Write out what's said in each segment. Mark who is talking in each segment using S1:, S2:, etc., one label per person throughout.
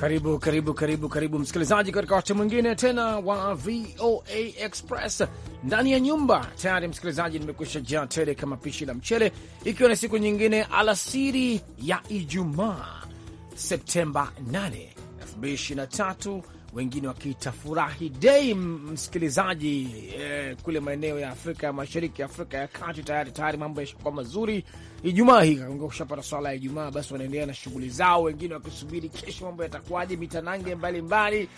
S1: Karibu, karibu, karibu, karibu msikilizaji, katika wakati mwingine tena wa VOA Express ndani ya nyumba. Tayari msikilizaji, nimekwisha jaa tele kama pishi la mchele, ikiwa ni siku nyingine alasiri ya Ijumaa Septemba 8, 2023 wengine wakitafurahi dei, msikilizaji eh, kule maeneo ya Afrika ya Mashariki, Afrika ya Kati tayari tayari mambo yashakuwa mazuri. Ijumaa hii kushapata swala ya Ijumaa, basi wanaendelea na shughuli zao, wengine wakisubiri kesho mambo yatakuwaje, mitanange mbalimbali.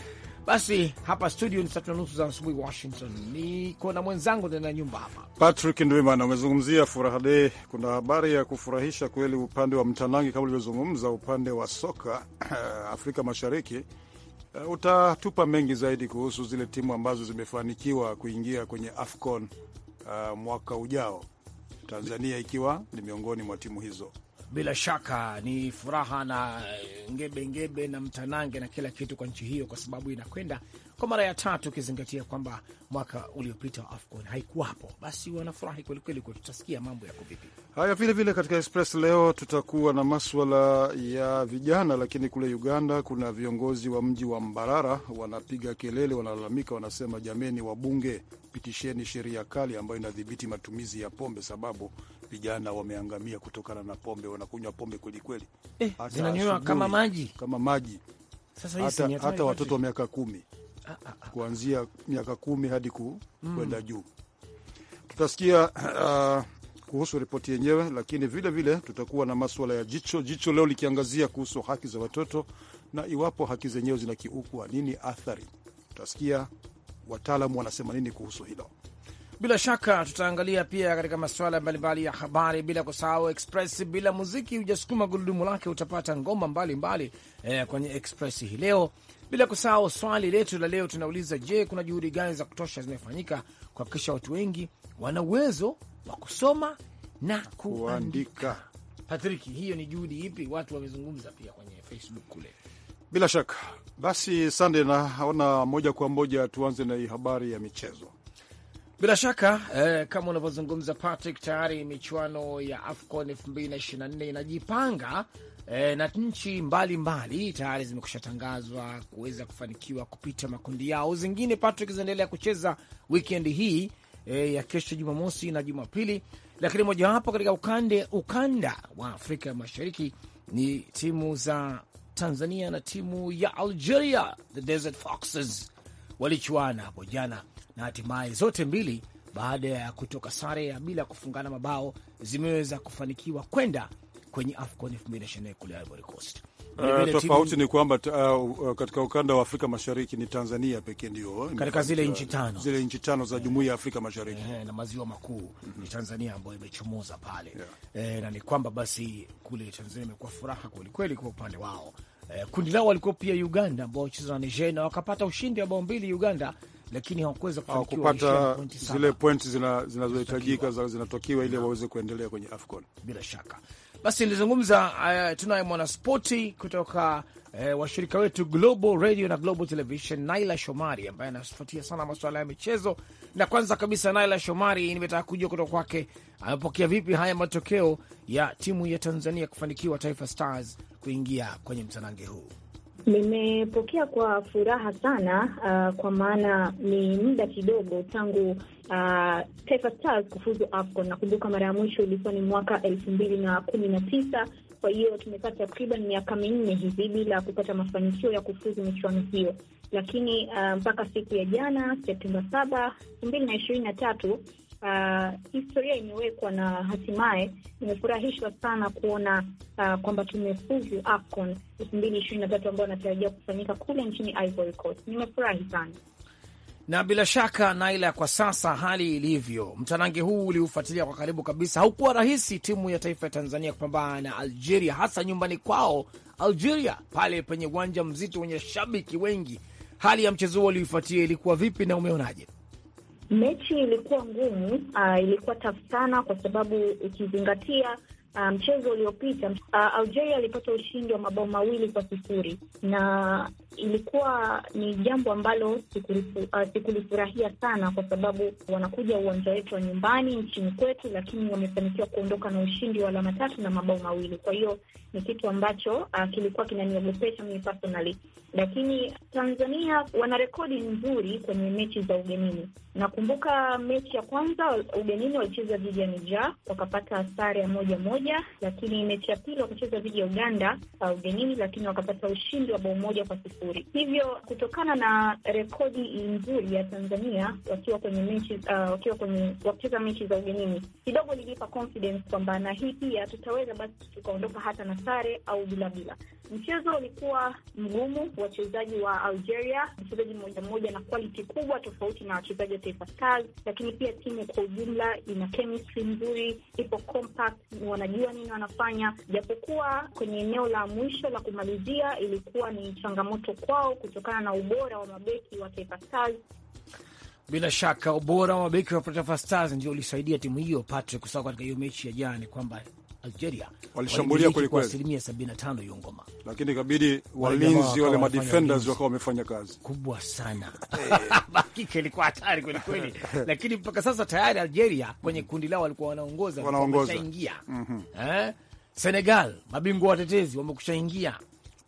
S1: Basi hapa studio ni tatu na nusu za asubuhi Washington, niko na mwenzangu ndani nyumba hapa
S2: Patrick Ndwimana. Umezungumzia furaha dei, kuna habari ya kufurahisha kweli upande wa mtanange, kama ulivyozungumza upande wa soka Afrika Mashariki Uh, utatupa mengi zaidi kuhusu zile timu ambazo zimefanikiwa kuingia kwenye AFCON uh, mwaka ujao, Tanzania ikiwa ni miongoni mwa timu hizo.
S1: Bila shaka ni furaha na ngebengebe ngebe na mtanange na kila kitu kwa nchi hiyo, kwa sababu inakwenda kwa mara ya tatu, ukizingatia kwamba mwaka uliopita wa AFCON haikuwapo. Basi wanafurahi kwelikweli, kwa tutasikia mambo yako vipi.
S2: Haya, vilevile katika Express leo tutakuwa na maswala ya vijana, lakini kule Uganda kuna viongozi wa mji wa Mbarara wanapiga kelele, wanalalamika, wanasema jameni, wabunge pitisheni sheria kali ambayo inadhibiti matumizi ya pombe, sababu vijana wameangamia kutokana na pombe, wanakunywa pombe kwelikweli, eh, zinanywewa kama maji, kama maji. Sasa hata, hata watoto wa miaka kumi kuanzia miaka kumi hadi kwenda mm. juu. Tutasikia uh, kuhusu ripoti yenyewe, lakini vile vile tutakuwa na maswala ya jicho jicho leo likiangazia kuhusu haki za watoto na iwapo haki zenyewe zinakiukwa, nini athari? Tutasikia wataalamu wanasema nini kuhusu hilo.
S1: Bila shaka tutaangalia pia katika masuala mbalimbali ya habari, bila kusahau Express. Bila muziki hujasukuma gurudumu lake, utapata ngoma mbalimbali mbali, eh, kwenye Express hii leo, bila kusahau swali letu la leo. Tunauliza, je, kuna juhudi gani za kutosha zinafanyika kuhakikisha watu wengi wana
S2: uwezo wa kusoma na kuandika?
S1: Patrick, hiyo ni juhudi ipi? Watu wamezungumza pia kwenye Facebook kule.
S2: Bila shaka basi, sande, naona moja kwa moja tuanze na hii habari ya michezo. Bila shaka eh, kama
S1: unavyozungumza Patrick, tayari michuano ya AFCON 2024 inajipanga eh, na nchi mbalimbali tayari zimekusha tangazwa kuweza kufanikiwa kupita makundi yao. Zingine Patrick zinaendelea kucheza wikendi hii eh, ya kesho Jumamosi na Jumapili, lakini mojawapo katika ukande, ukanda wa Afrika ya Mashariki ni timu za Tanzania na timu ya Algeria, the Desert Foxes walichuana hapo jana na hatimaye zote mbili baada ya kutoka sare ya bila kufungana mabao zimeweza kufanikiwa kwenda kwenye AFCON 2024 kule Ivory Coast. Uh, tofauti
S2: ni kwamba uh, uh, katika ukanda wa Afrika Mashariki ni Tanzania pekee ndio eh, katika zile nchi tano zile nchi tano za eh. Jumuiya ya Afrika Mashariki eh, na maziwa makuu
S1: mm -hmm. ni mhm. Tanzania ambayo imechomoza pale yeah. eh, na ni kwamba basi kule Tanzania imekuwa furaha kwelikweli kwa upande wao eh, kundi lao walikuwa pia Uganda ambao walicheza na Nigeria na wakapata ushindi wa bao mbili Uganda lakini hawakuweza kupata zile
S2: pointi zinazohitajika zina zinatokiwa ili waweze kuendelea kwenye AFCON. Bila shaka
S1: basi nilizungumza. Uh, tunaye mwanaspoti kutoka uh, washirika wetu Global Radio na Global Television, Naila Shomari ambaye anafuatia sana masuala ya michezo. Na kwanza kabisa, Naila Shomari, nimetaka kujua kutoka kwake amepokea vipi haya matokeo ya timu ya Tanzania kufanikiwa, Taifa Stars kuingia kwenye mtanange huu?
S3: Nimepokea kwa furaha sana uh, kwa maana ni muda kidogo tangu uh, Taifa Stars kufuzu AFCON. Nakumbuka mara ya mwisho ilikuwa ni mwaka elfu mbili na kumi na tisa. Kwa hiyo tumekaa takriban miaka minne hivi bila kupata mafanikio ya kufuzu michuano hiyo, lakini uh, mpaka uh, siku ya jana Septemba saba elfu mbili na ishirini na tatu uh, historia imewekwa na hatimaye imefurahishwa sana kuona uh, kwamba tumefuzu AFCON elfu mbili ishirini na tatu ambayo anatarajia kufanyika kule nchini Ivory Coast. Nimefurahi sana
S1: na bila shaka Naila, kwa sasa hali ilivyo, mtanange huu uliufuatilia kwa karibu kabisa. Haukuwa rahisi timu ya taifa ya Tanzania kupambana na Algeria, hasa nyumbani kwao Algeria, pale penye uwanja mzito wenye shabiki wengi. Hali ya mchezo huo uliifuatia ilikuwa vipi na umeonaje?
S3: Mechi ilikuwa ngumu, uh, ilikuwa tafu sana, kwa sababu ukizingatia Ah, mchezo um, uliopita uh, ah, Algeria alipata ushindi wa mabao mawili kwa sifuri na ilikuwa ni jambo ambalo ah, sikulifurahia uh, sana, kwa sababu wanakuja uwanja wetu wa nyumbani nchini kwetu, lakini wamefanikiwa kuondoka na ushindi wa alama tatu na mabao mawili. Kwa hiyo ni kitu ambacho uh, kilikuwa kinaniogopesha mimi personally, lakini Tanzania wana rekodi nzuri kwenye mechi za ugenini. Nakumbuka mechi ya kwanza ugenini walicheza dhidi ya Nija wakapata sare ya moja moja moja, lakini mechi ya pili wakacheza dhidi ya Uganda uh, ugenini, lakini wakapata ushindi wa bao moja kwa sifuri. Hivyo kutokana na rekodi nzuri ya Tanzania wakiwa kwenye mechi uh, wakiwa kwenye wakicheza mechi za ugenini kidogo lilipa confidence kwamba na hii pia tutaweza basi tukaondoka hata na sare au bila bila Mchezo ulikuwa mgumu, wachezaji wa Algeria mchezaji mmoja mmoja, na quality kubwa tofauti na wachezaji wa Taifa Stars, lakini pia timu kwa ujumla ina chemistry nzuri, ipo compact, wanajua nini wanafanya, japokuwa kwenye eneo la mwisho la kumalizia ilikuwa ni changamoto kwao kutokana na ubora wa mabeki wa Taifa Stars.
S1: Bila shaka ubora wa mabeki wa Taifa Stars ndio ulisaidia timu hiyo Patrick, kusawa katika hiyo mechi ya jana kwamba Algeria walishambulia kweli kweli, asilimia
S2: 75 hiyo ngoma, lakini ikabidi walinzi wale madefenders wakawa wamefanya kazi
S1: kubwa sana eh. hakika ilikuwa hatari kweli kweli, lakini mpaka sasa tayari Algeria kwenye kundi lao walikuwa wanaongoza, wanaongoza ingia mhm. eh? Senegal mabingwa watetezi wamekushaingia,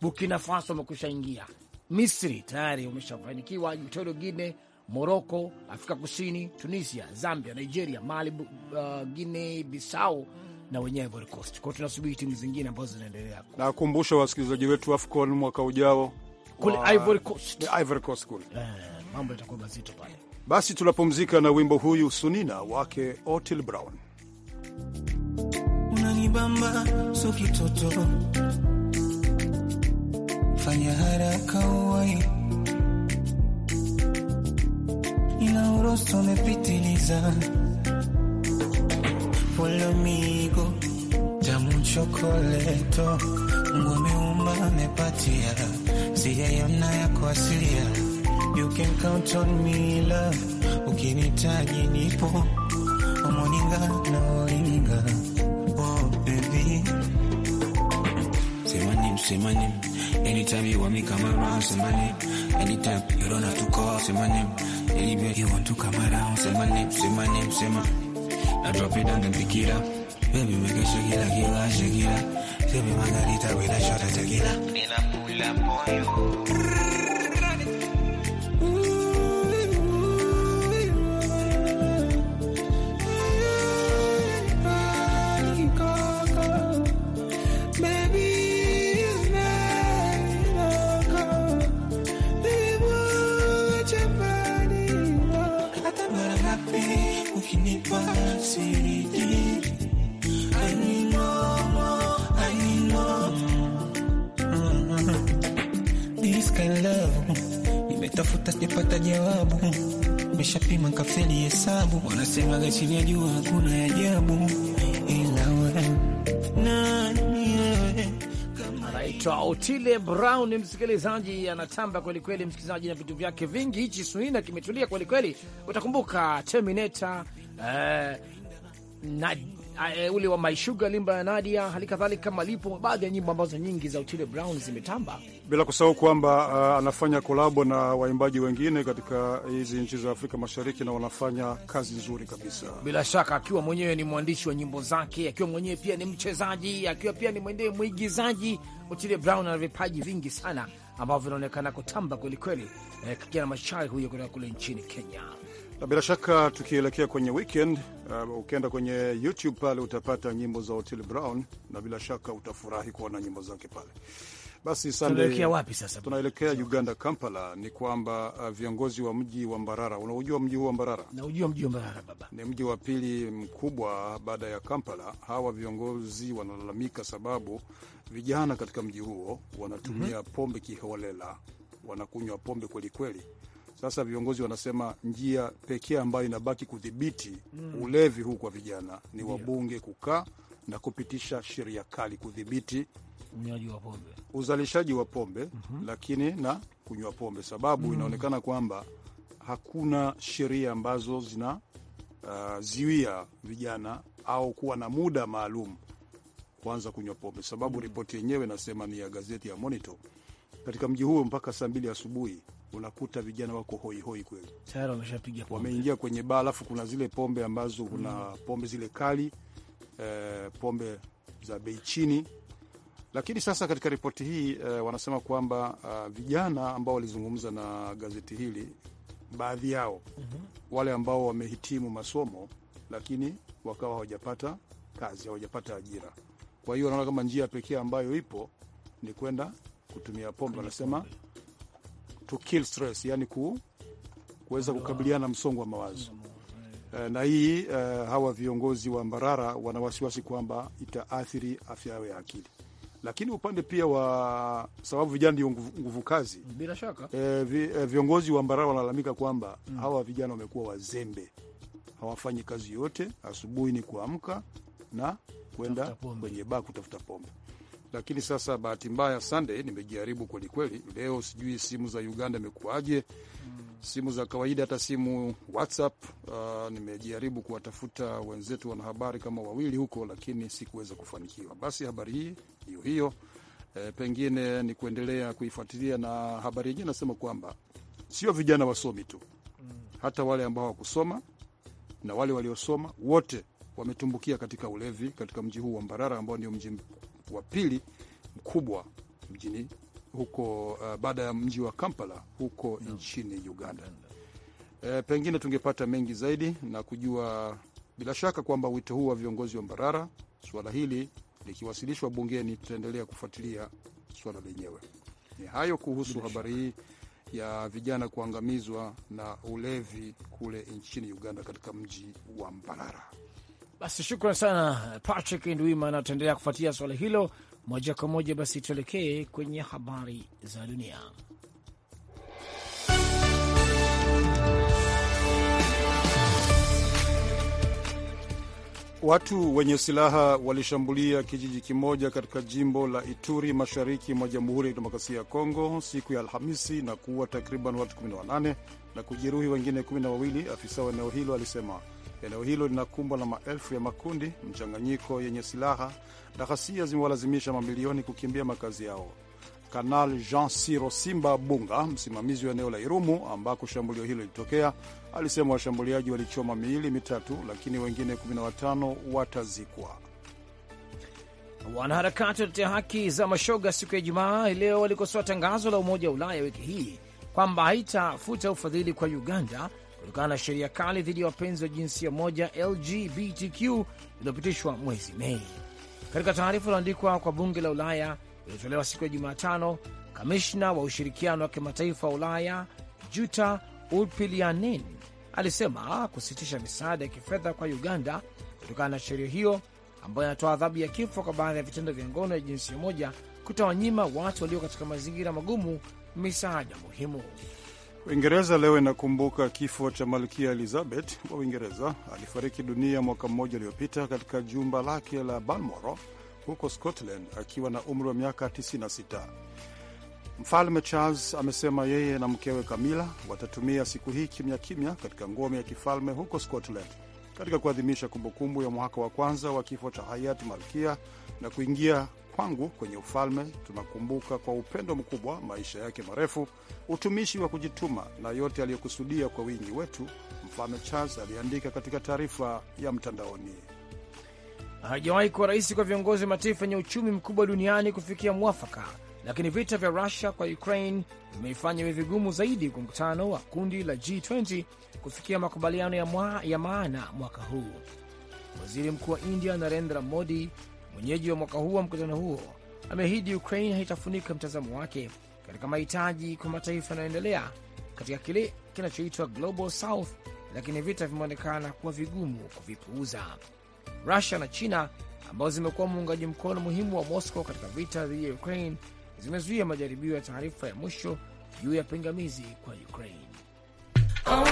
S1: Burkina Faso wamekushaingia, Misri tayari wameshafanikiwa, Equatorial Guinea Moroko, Afrika Kusini, Tunisia, Zambia, Nigeria, Mali, uh, Guinea Bissau na wenyewe Ivory Coast. Kwao tunasubiri timu zingine ambazo zinaendelea.
S2: Nakumbusha wasikilizaji wetu AFCON mwaka ujao
S1: kule Ivory
S2: Coast, Ivory Coast kule,
S4: eh, mambo yatakuwa mazito pale.
S2: Basi tunapumzika na wimbo huyu Sunina wake Otil Brown.
S4: Unanibamba so kitoto, fanya haraka uwai, ina urosto umepitiliza amigo, Follow me go, me patia, si ya yo na ya asilia. You can count on me love, ukinitaji nipo, omoninga na olinga. Oh baby, semani msemani, anytime you want me come around, say my name. anytime you don't have to call, say my name. anywhere you want to come around, say say my my name, name, say my name. La propina de tequila. Baby, we can shake it Shakira. a Mira,
S5: jua
S1: ajabu ila Anaitwa Otile Brown, msikilizaji anatamba kwelikweli, msikilizaji na vitu vyake vingi. Hichi swina kimetulia kwelikweli, utakumbuka Terminator eh, na Ah, eh, ule wa My Sugar limba ya Nadia, hali kadhalika malipo, baadhi ya nyimbo ambazo nyingi za Otile Brown zimetamba,
S2: bila kusahau kwamba uh, anafanya kolabo na waimbaji wengine katika hizi nchi za Afrika Mashariki na wanafanya kazi nzuri kabisa,
S1: bila shaka, akiwa mwenyewe ni mwandishi wa nyimbo zake, akiwa mwenyewe pia ni mchezaji, akiwa pia ni mwendewe mwigizaji. Otile Brown ana vipaji vingi sana ambavyo vinaonekana kutamba kwelikweli. Eh, kijana mashari huyo kutoka kule nchini Kenya.
S2: Bila shaka tukielekea kwenye weekend uh, ukienda kwenye YouTube pale utapata nyimbo za hotel Brown na bila shaka utafurahi kuona nyimbo zake pale. Basi tunaelekea wapi sasa? Tunaelekea Uganda, Kampala. Ni kwamba uh, viongozi wa mji wa Mbarara, unaujua mji huu wa Mbarara?
S1: Naujua mji wa Mbarara
S2: baba, ni mji wa pili mkubwa baada ya Kampala. Hawa viongozi wanalalamika sababu vijana katika mji huo wanatumia mm -hmm. pombe kiholela, wanakunywa pombe kwelikweli kweli. Sasa viongozi wanasema njia pekee ambayo inabaki kudhibiti mm. ulevi huu kwa vijana ni wabunge kukaa na kupitisha sheria kali kudhibiti uzalishaji wa pombe mm -hmm. lakini na kunywa pombe, sababu mm. inaonekana kwamba hakuna sheria ambazo zinaziwia uh, vijana au kuwa na muda maalum kuanza kunywa pombe, sababu mm. ripoti yenyewe inasema ni ya gazeti ya Monitor, katika mji huo mpaka saa mbili asubuhi unakuta vijana wako hoihoi kweli,
S1: tayari wameshapiga wameingia
S2: kwenye baa, alafu kuna zile pombe ambazo kuna mm. pombe zile kali e, pombe za bei chini. Lakini sasa katika ripoti hii e, wanasema kwamba ah, vijana ambao walizungumza na gazeti hili, baadhi yao mm -hmm. wale ambao wamehitimu masomo lakini wakawa hawajapata kazi, hawajapata ajira. Kwa hiyo wanaona kama njia pekee ambayo ipo ni kwenda kutumia pombe, anasema to kill stress, yani ku, kuweza kukabiliana na msongo wa mawazo eh, na hii uh, hawa viongozi wa Mbarara wana wasiwasi kwamba itaathiri afya yao ya akili, lakini upande pia wa sababu vijana ndio nguvu kazi, bila shaka e, vi, e, viongozi wa Mbarara wanalalamika kwamba mm, hawa vijana wamekuwa wazembe, hawafanyi kazi yote, asubuhi ni kuamka na kwenda kwenye baa kutafuta pombe lakini sasa bahati mbaya, Sunday, nimejaribu kwelikweli leo. Sijui simu za Uganda imekuwaje, simu za kawaida, hata simu WhatsApp. Uh, nimejaribu kuwatafuta wenzetu wanahabari kama wawili huko, lakini sikuweza kufanikiwa. Basi habari hii hiyo hiyo, e, pengine ni kuendelea kuifuatilia, na habari yenyewe nasema kwamba sio vijana wasomi tu, hata wale ambao hawakusoma na wale waliosoma wote wametumbukia katika ulevi katika mji huu wa Mbarara ambao ndio mji wa pili mkubwa mjini huko uh, baada ya mji wa Kampala huko no. nchini Uganda. E, pengine tungepata mengi zaidi na kujua bila shaka kwamba wito huu wa viongozi wa Mbarara, suala hili likiwasilishwa bungeni, tutaendelea kufuatilia suala lenyewe. Ni hayo kuhusu habari hii ya vijana kuangamizwa na ulevi kule nchini Uganda katika mji wa Mbarara.
S1: Basi shukran sana Patrick Ndwimana, ataendelea kufuatia swala hilo moja kwa moja. Basi tuelekee kwenye habari za dunia.
S2: Watu wenye silaha walishambulia kijiji kimoja katika jimbo la Ituri mashariki mwa Jamhuri ya Kidemokrasia ya Kongo siku ya Alhamisi na kuua takriban watu 18 na kujeruhi wengine 12, afisa wa eneo hilo alisema. Eneo hilo linakumbwa na maelfu ya makundi, mchanganyiko yenye silaha na ghasia zimewalazimisha mamilioni kukimbia makazi yao. Kanal Jean Sirosimba Bunga, msimamizi wa eneo la Irumu ambako shambulio hilo lilitokea, alisema washambuliaji walichoma miili mitatu, lakini wengine 15 watazikwa.
S1: Wanaharakati watetea haki za mashoga siku ya Ijumaa leo walikosoa tangazo la Umoja wa Ulaya wiki hii kwamba haitafuta ufadhili kwa Uganda kutokana na sheria kali dhidi ya wapenzi wa jinsia moja LGBTQ iliyopitishwa mwezi Mei. Katika taarifa iliyoandikwa kwa bunge la Ulaya iliyotolewa siku ya Jumatano, kamishna wa ushirikiano wa kimataifa wa Ulaya Juta Urpilianen alisema kusitisha misaada ya kifedha kwa Uganda kutokana na sheria hiyo ambayo inatoa adhabu ya kifo kwa baadhi ya vitendo vya ngono ya jinsia moja kutawanyima watu walio katika mazingira magumu misaada muhimu.
S2: Uingereza leo inakumbuka kifo cha malkia Elizabeth wa Uingereza. Alifariki dunia mwaka mmoja uliopita katika jumba lake la balmoro huko Scotland akiwa na umri wa miaka 96. Mfalme Charles amesema yeye na mkewe Camilla watatumia siku hii kimya kimya katika ngome ya kifalme huko Scotland katika kuadhimisha kumbukumbu ya mwaka wa kwanza wa kifo cha hayati malkia na kuingia Kwangu kwenye ufalme tunakumbuka kwa upendo mkubwa maisha yake marefu, utumishi wa kujituma na yote aliyokusudia kwa wingi wetu, Mfalme Charles aliandika katika taarifa ya mtandaoni.
S1: Hajawahi kuwa rais kwa viongozi wa mataifa yenye uchumi mkubwa duniani kufikia mwafaka, lakini vita vya Rusia kwa Ukraine vimeifanya iwe vigumu zaidi kwa mkutano wa kundi la G20 kufikia makubaliano ya, ya maana mwaka huu. Waziri Mkuu wa India Narendra Modi mwenyeji wa mwaka huu wa mkutano huo, ameahidi Ukraine haitafunika mtazamo wake katika mahitaji kwa mataifa yanayoendelea katika kile kinachoitwa Global South, lakini vita vimeonekana kuwa vigumu kuvipuuza. Rusia na China ambazo zimekuwa muungaji mkono muhimu wa Moscow katika vita dhidi ya Ukraine zimezuia majaribio ya taarifa ya mwisho juu ya pingamizi kwa Ukraine. Oh,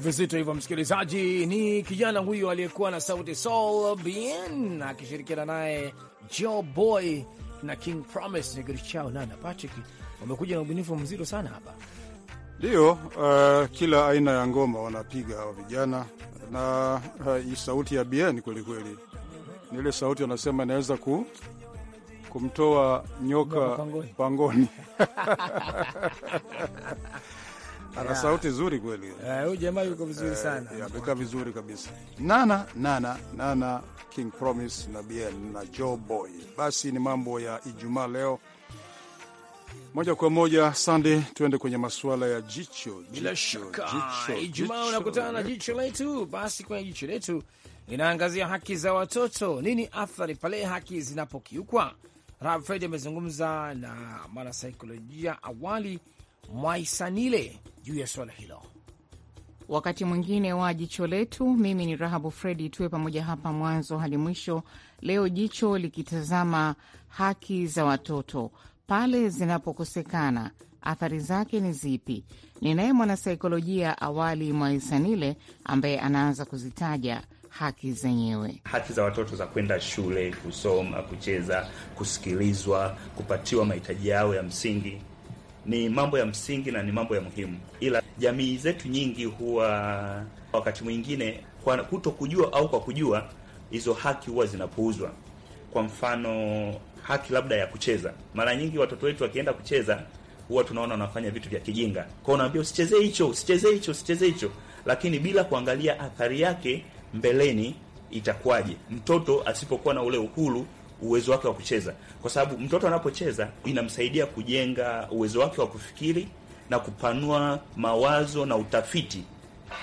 S1: vitu vizito hivyo, msikilizaji. Ni kijana huyo aliyekuwa na sauti Soul Bien akishirikiana naye Joe Boy na King Promise. Ni kitu chao nana Patrick, wamekuja na ubunifu mzito sana hapa.
S2: Ndiyo, uh, eh, kila aina ya ngoma wanapiga hawa vijana na uh, sauti ya Bien kwelikweli, ni ile sauti wanasema inaweza ku kumtoa nyoka pangoni ana sauti nzuri kweli. Eh, huyu jamaa yuko vizuri eh, sana, amekaa vizuri kabisa. Nana nana nana, King Promise na Biel na Joe Boy. Basi ni mambo ya Ijumaa leo moja kwa moja Sande, tuende kwenye masuala ya jicho. Bila shaka Ijumaa unakutana na
S1: jicho letu. Basi kwenye jicho letu inaangazia haki za watoto. Nini athari pale haki zinapokiukwa? Raab amezungumza na mwanasaikolojia awali Mwaisanile juu ya suala hilo.
S3: Wakati mwingine wa jicho letu, mimi ni Rahabu Fredi, tuwe pamoja hapa mwanzo hadi mwisho. Leo jicho likitazama haki za watoto pale zinapokosekana, athari zake ni zipi? Ninaye mwanasaikolojia Awali Mwaisanile ambaye anaanza kuzitaja haki zenyewe,
S6: haki za watoto za kwenda shule, kusoma, kucheza, kusikilizwa, kupatiwa mahitaji yao ya msingi ni mambo ya msingi na ni mambo ya muhimu, ila jamii zetu nyingi huwa wakati mwingine kwa kuto kujua au kwa kujua hizo haki huwa zinapuuzwa. Kwa mfano, haki labda ya kucheza. Mara nyingi watoto wetu wakienda kucheza huwa tunaona wanafanya vitu vya kijinga, kwao unaambia usichezee hicho, usichezee hicho, usichezee hicho, lakini bila kuangalia athari yake mbeleni itakuwaje. Mtoto asipokuwa na ule uhuru uwezo wake wa kucheza, kwa sababu mtoto anapocheza inamsaidia kujenga uwezo wake wa kufikiri na kupanua mawazo na utafiti.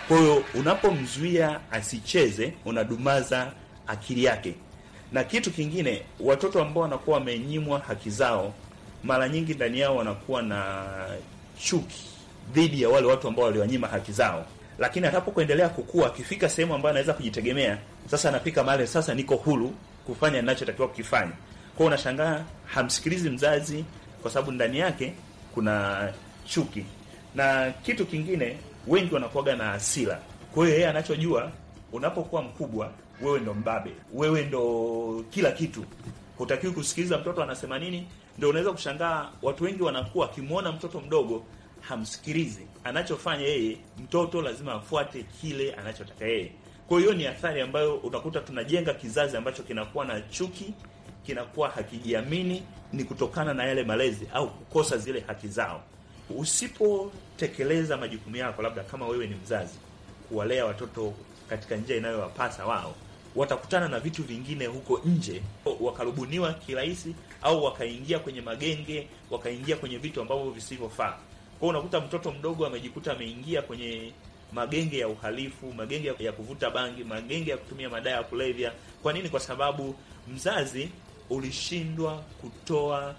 S6: Kwa hiyo unapomzuia asicheze, unadumaza akili yake. Na kitu kingine, watoto ambao wanakuwa wamenyimwa haki zao, mara nyingi ndani yao wanakuwa na chuki dhidi ya wale watu ambao waliwanyima haki zao, lakini atapokuendelea kukua, akifika sehemu ambayo anaweza kujitegemea, sasa anapika mahali sasa niko huru kufanya ninachotakiwa kukifanya. Kwa hiyo unashangaa hamsikilizi mzazi, kwa sababu ndani yake kuna chuki. Na kitu kingine, wengi wanakuwaga na hasira. Kwa hiyo yeye anachojua, unapokuwa mkubwa wewe ndo mbabe, wewe ndo kila kitu, hutakiwi kusikiliza mtoto anasema nini. Ndo unaweza kushangaa watu wengi wanakuwa, akimwona mtoto mdogo hamsikilizi, anachofanya yeye, mtoto lazima afuate kile anachotaka yeye. Kwa hiyo ni athari ambayo utakuta tunajenga kizazi ambacho kinakuwa na chuki, kinakuwa hakijiamini, ni kutokana na yale malezi au kukosa zile haki zao. Usipotekeleza majukumu yako, labda kama wewe ni mzazi, kuwalea watoto katika njia inayowapasa wao, watakutana na vitu vingine huko nje, wakarubuniwa kirahisi, au wakaingia kwenye magenge, wakaingia kwenye vitu ambavyo visivyofaa. Kwa hiyo unakuta mtoto mdogo amejikuta ameingia kwenye magenge ya uhalifu, magenge ya kuvuta bangi, magenge ya kutumia madawa ya kulevya. Kwa nini? Kwa sababu mzazi ulishindwa kutoa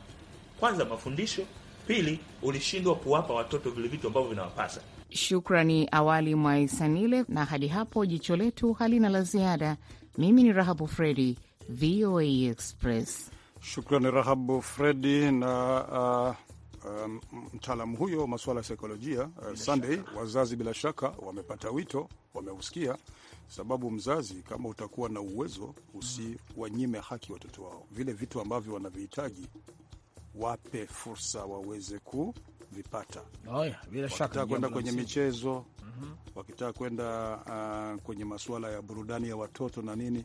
S6: kwanza mafundisho, pili ulishindwa kuwapa watoto vile vitu ambavyo
S3: vinawapasa. Shukrani awali Mwaisanile, na hadi hapo jicho letu halina la ziada. Mimi ni Rahabu Fredi, VOA Express.
S2: Shukrani Rahabu Fredi na uh... Um, mtaalamu um, huyo masuala ya saikolojia uh, Sunday, wazazi bila shaka wamepata wito, wameusikia, sababu mzazi kama utakuwa na uwezo usiwanyime haki watoto wao, vile vitu ambavyo wanavihitaji wape fursa waweze kuvipata.
S1: Oh, wakitaka
S2: kwenda kwenye michezo mm -hmm. wakitaka kwenda uh, kwenye masuala ya burudani ya watoto na nini,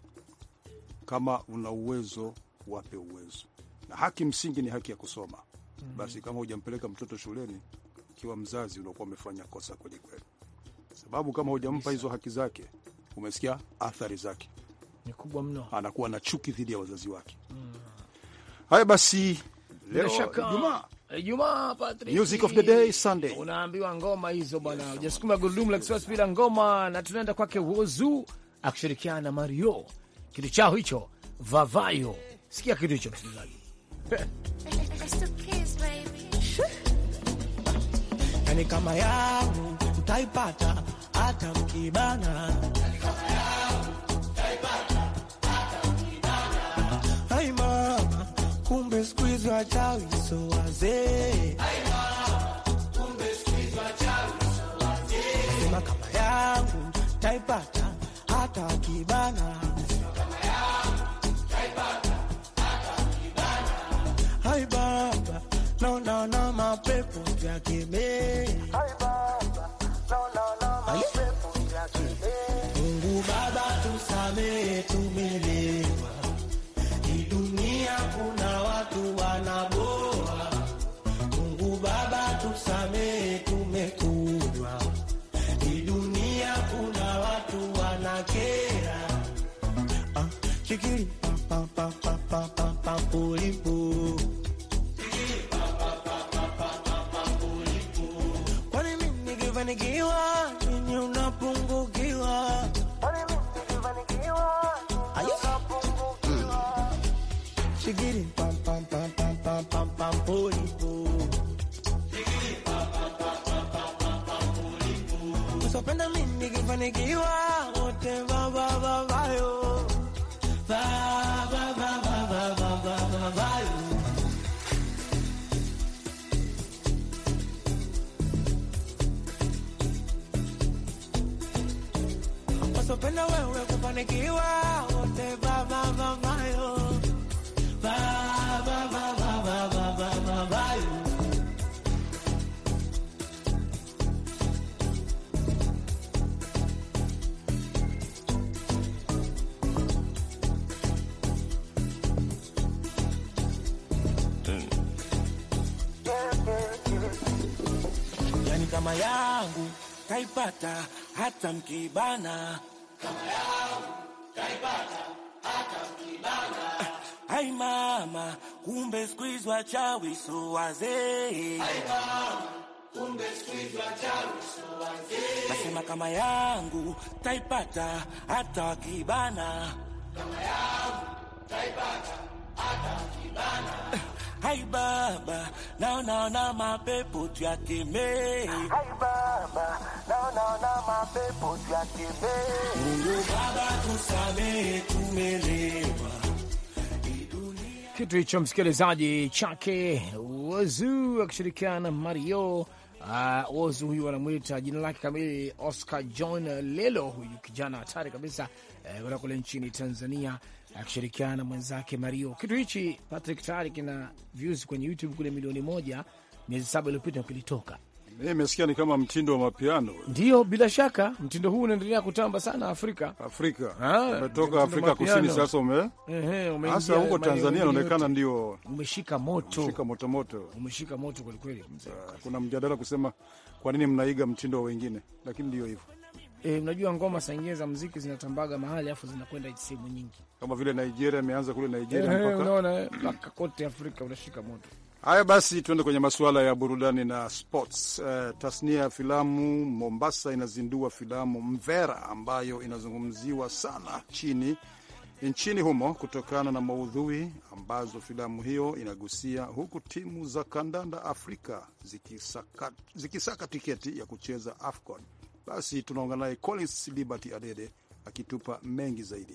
S2: kama una uwezo wape uwezo, na haki msingi ni haki ya kusoma mm. Basi kama hujampeleka mtoto shuleni, ikiwa mzazi unakuwa umefanya kosa kweli kweli, sababu kama hujampa hizo haki zake, umesikia athari zake ni kubwa mno, anakuwa na chuki dhidi ya wazazi wake mm. Haya basi,
S6: leo Jumaa
S1: eh, Ijumaa Patrick, music of the day Sunday, unaambiwa ngoma hizo bwana, hujasukuma gurudumu la Kiswahili bila ngoma. Na tunaenda kwake Wozu akishirikiana na Mario, kitu chao hicho Vavayo. Sikia kitu hicho msikilizaji. yani kama
S5: yangu utaipata hata mkibana, Hai mama, kumbe siku hizi wachawi so wazee. Sema kama yangu taipata hata kibana Sema No, no, no, my people, Jackie me. No, no, Mungu Baba tusamee tumelewa. Hii kuna watu wanaboa. Mungu Baba tusamehe, tumekunywa. Hii dunia kuna watu wanakera. Ah, Napenda mimi nikifanikiwa wote ba ba ba ba yo. Ba ba ba ba ba ba ba ba yo. Wasopenda wewe kufanikiwa wote ba ba ba ba yo. mtaipata hata mkibana, hai mama, kumbe squeeze wachawi so wazee nasema kama yangu taipata hata kibana. kama yangu taipata hata kibana. Hey Baba, no no no my people to mapepo me. Hey Baba, no no no my people to mapepo me. Mungu Baba tusamehe, tumelewa
S1: kitu hicho msikilizaji chake wazu akishirikiana na Mario. Uh, ah, ozu huyu anamwita jina lake kamili Oscar John Lelo, huyu kijana hatari kabisa eh, kutoka uh, kule nchini Tanzania akishirikiana na mwenzake Mario. Kitu hichi Patrick tayari kina views kwenye YouTube kule milioni moja miezi saba iliyopita kilitoka.
S2: Imesikia ni kama mtindo wa mapiano. Ndio, bila
S1: shaka mtindo huu
S2: unaendelea kutamba sana Afrika. Afrika. Umetoka Afrika Kusini sasa ume. Ehe, huko Tanzania inaonekana ndio umeshika moto. Umeshika moto moto. Umeshika moto kwelikweli. Ah, kuna mjadala kusema kwa nini mnaiga mtindo wa wengine, lakini ndio hivyo.
S1: E, unajua ngoma
S2: saa nyingine za muziki zinatambaga mahali afu
S1: zinakwenda sehemu nyingi
S2: kama vile Nigeria, imeanza kule Nigeria mpaka
S1: unaona mpaka kote Afrika unashika moto.
S2: Haya basi, tuende kwenye masuala ya burudani na sports. Uh, tasnia ya filamu Mombasa inazindua filamu Mvera ambayo inazungumziwa sana chini nchini humo kutokana na maudhui ambazo filamu hiyo inagusia, huku timu za kandanda Afrika zikisaka, zikisaka tiketi ya kucheza AFCON. Basi tunaongana naye Collins Liberty Adede akitupa mengi zaidi.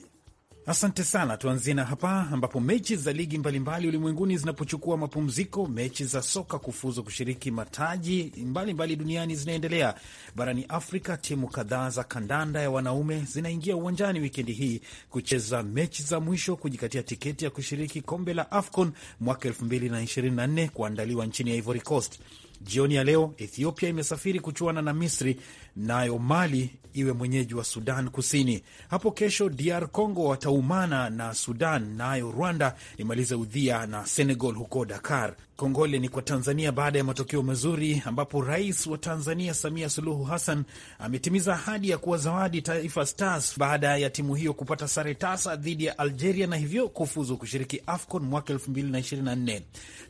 S7: Asante sana. Tuanzie na hapa ambapo mechi za ligi mbalimbali ulimwenguni zinapochukua mapumziko, mechi za soka kufuzu kushiriki mataji mbalimbali mbali duniani zinaendelea. Barani Afrika, timu kadhaa za kandanda ya wanaume zinaingia uwanjani wikendi hii kucheza mechi za mwisho kujikatia tiketi ya kushiriki kombe la AFCON mwaka 2024 kuandaliwa nchini Ivory Coast. Jioni ya leo Ethiopia imesafiri kuchuana na Misri nayo Mali iwe mwenyeji wa Sudan Kusini. Hapo kesho DR Congo wataumana na Sudan, nayo Rwanda imalize udhia na Senegal huko Dakar. Kongole ni kwa Tanzania baada ya matokeo mazuri, ambapo rais wa Tanzania Samia Suluhu Hassan ametimiza ahadi ya kuwa zawadi Taifa Stars baada ya timu hiyo kupata sare tasa dhidi ya Algeria na hivyo kufuzu kushiriki AFCON mwaka 2024.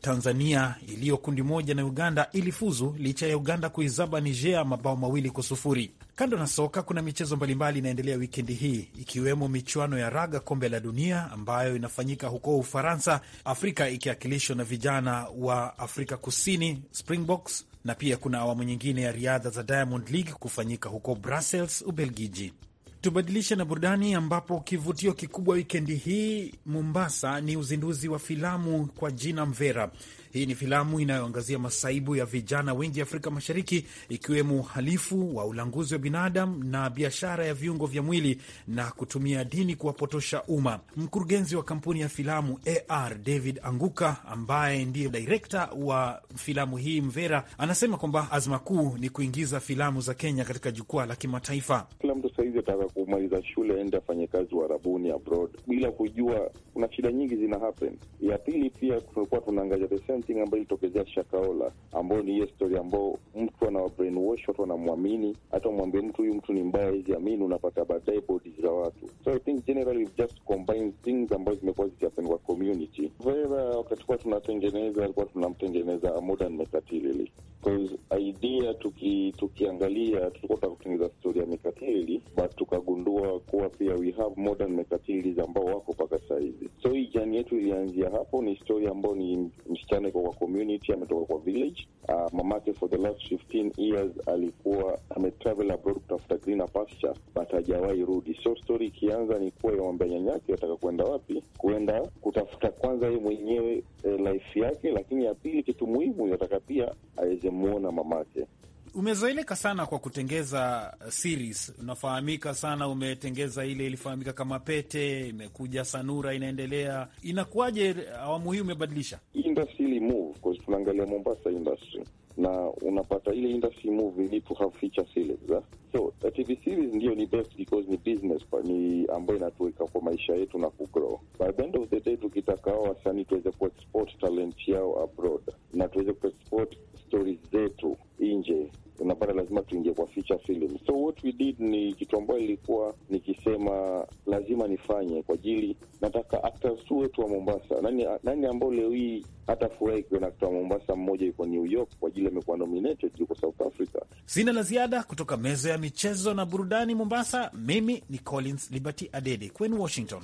S7: Tanzania iliyo kundi moja na Uganda ilifuzu licha ya Uganda kuizaba Niger mabao mawili kwa sufuri. Kando na soka, kuna michezo mbalimbali inaendelea wikendi hii, ikiwemo michuano ya raga kombe la dunia ambayo inafanyika huko Ufaransa, Afrika ikiwakilishwa na vijana wa Afrika Kusini Springboks, na pia kuna awamu nyingine ya riadha za Diamond League kufanyika huko Brussels, Ubelgiji. Tubadilishe na burudani, ambapo kivutio kikubwa wikendi hii Mombasa ni uzinduzi wa filamu kwa jina Mvera hii ni filamu inayoangazia masaibu ya vijana wengi Afrika Mashariki, ikiwemo uhalifu wa ulanguzi wa binadamu na biashara ya viungo vya mwili na kutumia dini kuwapotosha umma. Mkurugenzi wa kampuni ya filamu AR David Anguka, ambaye ndiye direkta wa filamu hii Mvera, anasema kwamba azma kuu ni kuingiza filamu za Kenya katika jukwaa la kimataifa.
S8: Kila mtu sahizi ataka kumaliza shule, ende afanye kazi warabuni abroad, bila kujua kuna shida nyingi zina happen. Ya pili pia tulikuwa tunaangalia thing ambayo ilitokezea Shakaola, ambayo ni hiyo story ambao mtu ana brainwash watu wanamwamini, hata mwambie mtu huyu mtu ni mbaya, hizi amini, unapata baadaye bodi za watu. So I think generally we've just combined things ambazo zimekuwa zikiapen kwa community. Vera wakati kuwa tunatengeneza alikuwa tunamtengeneza modern Mekatilili because idea tuki, tukiangalia tulikuwa tunakutengeneza story ya Mekatilili but tukagundua kuwa pia we have modern Mekatililis ambao wako mpaka sahizi. So hii jani yetu ilianzia hapo, ni story ambayo ni msichana ametoka kwa community, ametoka kwa village. Uh, mamake for the last 15 years alikuwa ametravel abroad kutafuta greener pasture but hajawahi rudi. So story ikianza ni kuwa yawambia nyanyake ataka kuenda wapi, kuenda kutafuta kwanza ye mwenyewe eh, life yake, lakini ya pili kitu muhimu yataka pia aweze muona mamake
S7: umezoeleka sana kwa kutengeza uh, series, unafahamika sana, umetengeza ile ilifahamika kama Pete, imekuja Sanura, inaendelea. Inakuwaje uh, awamu hii umebadilisha
S8: industry move? Cause tunaangalia Mombasa industry na unapata ile industry move, you need to have feature series eh? So TV series ndio ni best because ni business pa ni ambayo inatuweka kwa maisha yetu na kugrow. By the end of the day, tukitaka hao wasanii tuweze kuexport talent yao abroad na tuweze kuexport stories zetu nje unapata lazima tuingie kwa feature film. So what we did ni kitu ambayo ilikuwa nikisema lazima nifanye kwa ajili, nataka actors wetu wa Mombasa. Nani, nani ambao leo hii hata furahi kuona actor wa Mombasa mmoja yuko New York kwa ajili amekuwa nominated, yuko South Africa.
S7: Sina la ziada kutoka meza ya michezo na burudani Mombasa. Mimi ni Collins Liberty Adede
S2: kwenu Washington.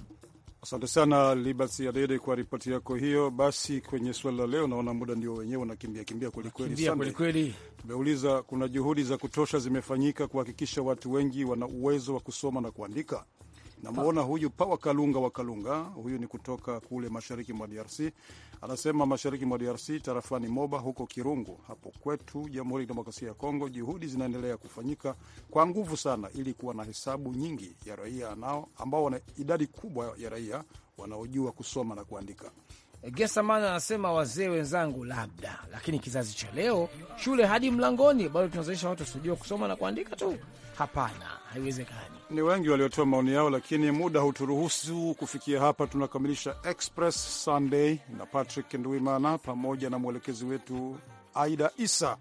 S2: Asante sana Liberty Adede kwa ripoti yako hiyo. Basi kwenye swali la leo, naona muda ndio wenyewe unakimbia kimbia kwelikweli. Tumeuliza, kuna juhudi za kutosha zimefanyika kuhakikisha watu wengi wana uwezo wa kusoma na kuandika? Namwona huyu Pawa Kalunga wa Kalunga, huyu ni kutoka kule mashariki mwa DRC. Anasema mashariki mwa DRC tarafani Moba huko Kirungu, hapo kwetu Jamhuri ya Kidemokrasia ya Kongo, juhudi zinaendelea kufanyika kwa nguvu sana ili kuwa na hesabu nyingi ya raia nao ambao wana idadi kubwa ya raia wanaojua kusoma na kuandika. Gesamana anasema
S1: wazee wenzangu, labda lakini kizazi cha leo shule hadi mlangoni, bado tunazoesha watu wasiojua kusoma na kuandika tu.
S2: Hapana haiwezekani. Ni wengi waliotoa maoni yao, lakini muda huturuhusu kufikia hapa. Tunakamilisha Express Sunday na Patrick Ndwimana pamoja na mwelekezi wetu Aida Isa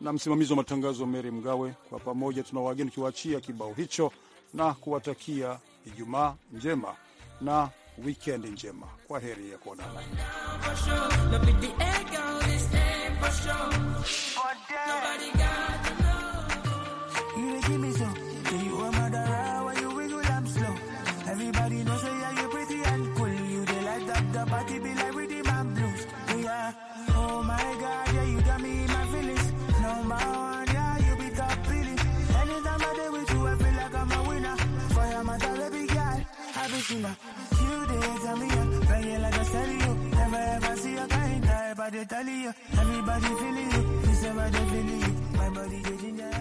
S2: na msimamizi wa matangazo Mary Mgawe. Kwa pamoja tuna wageni tukiwaachia kibao hicho na kuwatakia Ijumaa njema na wikendi njema. Kwa heri ya kuonana.
S4: you a you wiggle, I'm slow. Everybody knows say you pretty and cool. You they the be like blues. Yeah. Oh my God, yeah, you got me in my feelings. Number one, yeah, you be top feeling. Anytime I with you, I feel like I'm a winner. girl, I be You they me like a stereo. Never ever see a but they you. Everybody feeling you, you. My body, they